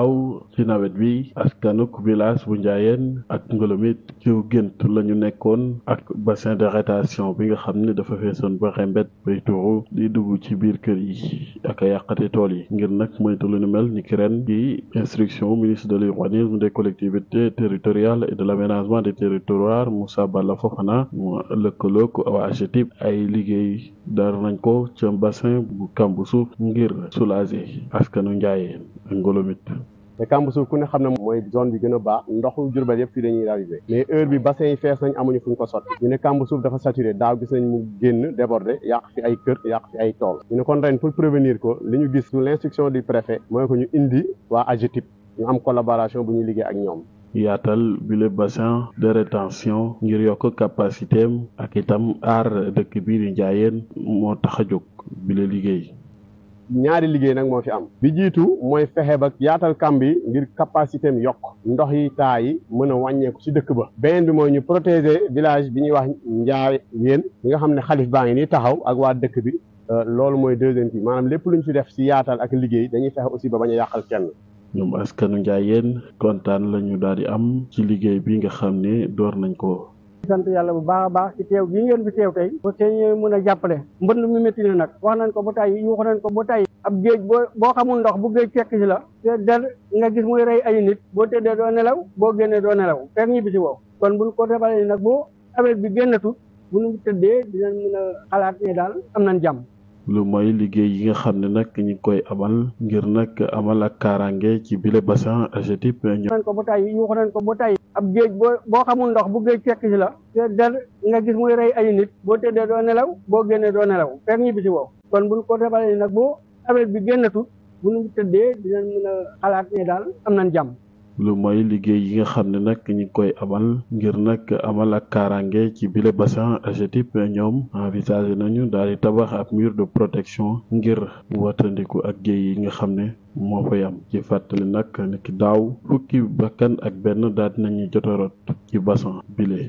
aw ci nawet bi askanuk village bu Ndiayeen ak Ngolomit ci gént la ñu nekkoon ak bassin de rétention bi nga xam ne dafa feesoon ba xembet bay tuuru di dugg ci biir kër yi ak a yàqate tool yi ngir nag moytu lu nu mel ni ki ren gi instruction ministre de l'urbanisme des collectivités territoriales et de l'aménagement des territoires Moussa Balla Fofana mu lëkkaloog waa AGETIP ay liggéey dara nañ ko ca bassin bu Kamboussou ngir soulager askanu Ndiayeen ak Ngolomit te Kambasour ku ne xam ne mooy zone bi gën a baax ndoxu Jurbel yëpp fii dañuy raviver mais heure bi bassin yi fees nañ amuñu fu ñu ko sotti ñu ne Kambasour dafa saturé daaw gis nañ mu génn débordé yàq fi ay kër yàq fi ay tool ñu ne kon ren pour prévenir ko li ñu gis l'instruction du préfet mooy ko ñu indi waa AGETIP ñu am collaboration bu ñuy liggéey ak ñoom yaatal bile bassin de rétention ngir yokk capacité ak itam aar dëkk bii di Njaayeen moo tax a jóg bile liggéey ñaari liggéey nag moo fi am bi jiitu mooy fexe ba yaatal kàmb yi ngir capacité am yokk ndox yi taa yi mën a wàññeeku ci dëkk ba beneen bi mooy ñu protéger village bi ñuy wax njaay yéen ñi nga xam ne xalif baa ngi nii taxaw ak waa dëkk bi euh, loolu mooy deuxième bi maanaam lépp lu ñu fi def ci yaatal ak liggéey dañuy fexe aussi ba bañ a yàqal kenn ñoom askanu njaay yéen kontaan la ñu daal di am ci liggéey bi nga xam ne door nañ ko sant yàlla bu baax a baax ci teew gi ngeen fi teew tey ba te ñu mën a jàppale mbënd mi métti na nag wax nañ ko ba tey yuux nañ ko ba tey ab géej boo boo xamul ndox bu géej fekk si la te der nga gis muy rey ay nit boo tëddee doo nelaw boo génnee doo nelaw fekk ñibbi si wow kon buñ ko defalee nag boo nawet bi génnatut bu ñu tëddee dinañ mën a xalaat ne daal am nañ jàmm lu mooy liggéey yi nga xam ne nag ñu ngi koy amal ngir nag amal ak kaaraange ci bile bassin AGETIP. yuuxu nañ ko ba tey yuuxu nañ ko ba tay ab géej boo boo xamul ndox bu géej fekk si la. te der nga gis muy rey ay nit. boo tëddee doo nelaw boo génnee doo nelaw. fekk ñibbi si wow. kon buñ ko defalee nag boo affaire bi génn génnatul bu ñu tëddee dinañ mën a xalaat ne daal am nañ jàmm. lu mooy liggéey yi nga xam ne nag ñu ngi koy amal ngir nag amal ak kaaraange ci bile bassin AGETIP ñoom envisagé nañu daal di tabax ak mur de protection ngir mu wattandiku ak géej yi nga xam ne moo fay am ci fàttali nag niki daaw fukki bakkan ak benn daal di nañu jot ci bassin bile.